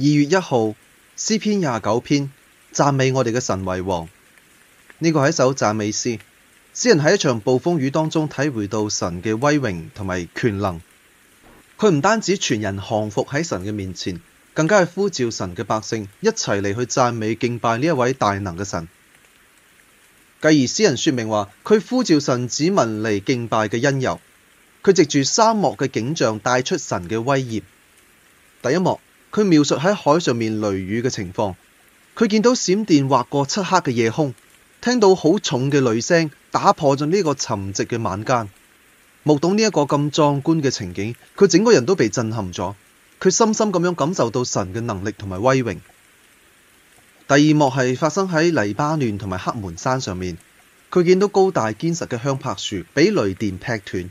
二月一號，詩篇廿九篇讚美我哋嘅神為王，呢個係一首讚美詩。詩人喺一場暴風雨當中體會到神嘅威榮同埋權能，佢唔單止全人降服喺神嘅面前，更加係呼召神嘅百姓一齊嚟去讚美敬拜呢一位大能嘅神。繼而詩人說明話，佢呼召神子民嚟敬拜嘅因由，佢藉住沙漠嘅景象帶出神嘅威嚴。第一幕。佢描述喺海上面雷雨嘅情況，佢見到閃電劃過漆黑嘅夜空，聽到好重嘅雷聲打破咗呢個沉寂嘅晚間，目睹呢一個咁壯觀嘅情景，佢整個人都被震撼咗，佢深深咁樣感受到神嘅能力同埋威榮。第二幕係發生喺黎巴嫩同埋黑門山上面，佢見到高大堅實嘅香柏樹俾雷電劈斷，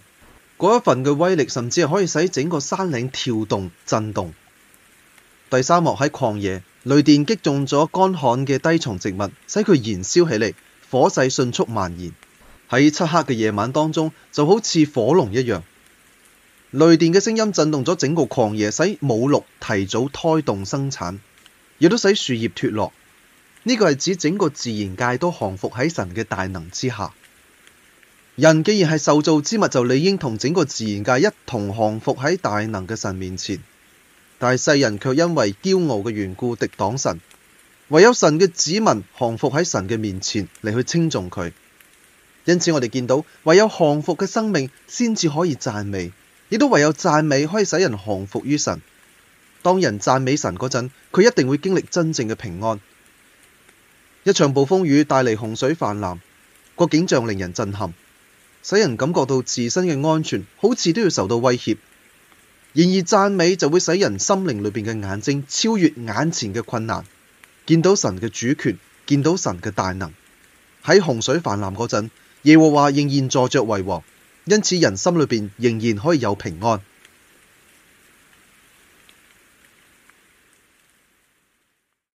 嗰一份嘅威力甚至係可以使整個山嶺跳動震動。第三幕喺曠野，雷電擊中咗乾旱嘅低層植物，使佢燃燒起嚟，火勢迅速蔓延。喺漆黑嘅夜晚當中，就好似火龍一樣。雷電嘅聲音震動咗整個曠野，使母鹿提早胎動生產，亦都使樹葉脫落。呢、這個係指整個自然界都降服喺神嘅大能之下。人既然係受造之物，就理應同整個自然界一同降服喺大能嘅神面前。但世人卻因為驕傲嘅緣故敵擋神，唯有神嘅子民降服喺神嘅面前嚟去稱頌佢。因此我哋見到唯有降服嘅生命先至可以讚美，亦都唯有讚美可以使人降服於神。當人讚美神嗰陣，佢一定會經歷真正嘅平安。一場暴風雨帶嚟洪水泛濫，個景象令人震撼，使人感覺到自身嘅安全好似都要受到威脅。然而讚美就會使人心靈裏邊嘅眼睛超越眼前嘅困難，見到神嘅主權，見到神嘅大能。喺洪水泛濫嗰陣，耶和華仍然坐着為王，因此人心裏邊仍然可以有平安。